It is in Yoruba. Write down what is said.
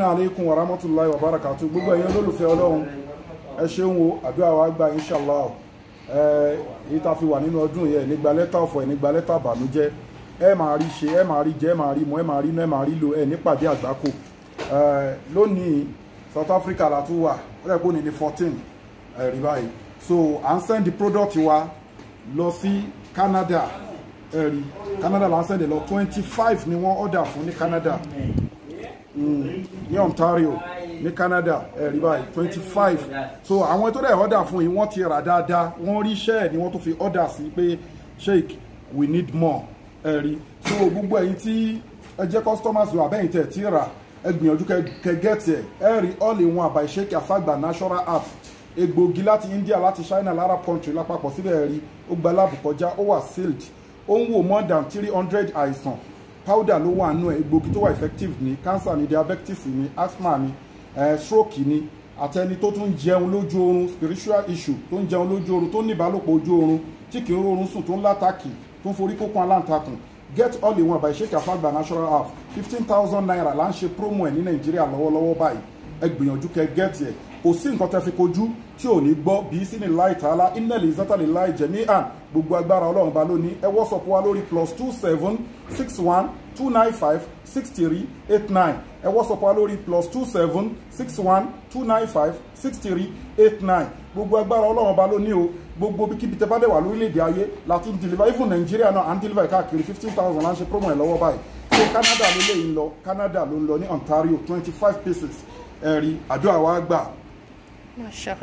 alaikum wa rahmatulahi wa barakatu gbogbo ẹ̀yin olólùfẹ́ ọlọ́run ẹ ṣeun o àdúrà wa gba inshallah ẹ èyí a fi wà nínú ọdún yẹn nígbà lẹ́tà ọ̀fọ̀ ẹ̀ nígbà lẹ́tà àbànújẹ́ ẹ máa rí ṣe ẹ máa rí jẹ ẹ máa rí mu ẹ máa rí nu ẹ máa rí lo ẹ nípàdé àgbákò ẹ lónìí South Africa la tún wà ó dẹ̀ pé ní fourteen ẹ rí báyìí so à ń send product wa lọ sí Canada ẹ rí Canada là ń send lọ twenty five ni wọ́n order fún ní Canada. Mm. ní Ontario ní Canada ẹ̀rí báyìí twenty five so àwọn tó dẹ̀ ọ̀dà fún yìí wọ́n ti rà dáadáa wọ́n rí iṣẹ́ ẹ̀ ni wọ́n tó fi ọ̀dà sí pé sheik we need more ẹ̀rí so gbogbo ẹ̀yin tí ẹ jẹ́ customers wa abẹ́yìn tẹ̀ tí rà ẹ gbìyànjú kẹ gẹ́ẹ̀tì ẹ̀ ẹ̀rí all in one by sheik afagba natural app egbògi láti India láti China lára country lápapọ̀ síbẹ̀ ẹ̀rí ó gba láàbù kọjá ó wà sealed ó ń wò more than three hundred àìsàn powder ló wà nù ẹ̀ egbògi tó wà effective ní cancer ní diabetes ní asthma ní eh, stroke ní àtẹni tó tún jẹun lójú oorun spiritual issue tó ń jẹun lójú oorun tó ń ní ìbálòpọ̀ ojú oorun tí kì í rọrùn sùn tó ń látàkì tó ń forí kókun aláǹtakùn get all in one by sheikh afagba national app fifteen thousand naira là ń ṣe promo ẹ̀ ní nàìjíríà lọ́wọ́lọ́wọ́ báyìí ẹ gbìyànjú kẹ́ get ẹ̀ kò sí nǹkan tẹ́ fi kojú tí ò ní gbọ́ bí sí ní láì tààlà inel ìzátàlì láì jẹ̀mí àn gbogbo agbára ọlọ́run ba lónìí ẹ wọ́sọ̀pọ̀ wa lórí plus two seven six one two nine five six three eight nine ẹ wọ́sọ̀pọ̀ wa lórí plus two seven six one two nine five six three eight nine gbogbo agbára ọlọ́run ba lónìí o gbogbo bíkíbi tẹ́ bá dẹ̀ wà lórílẹ̀‐èdè ayé láti deliver even nàìjíríà náà à ń deliver káàkiri fifteen thousand láń ṣe promo ẹ̀ lọ́wọ́ báyìí so canada ló lè ń lọ canada ló ń lọ ní ontario twenty five pieces ẹ̀rí àdúrà wa gbà شاء الله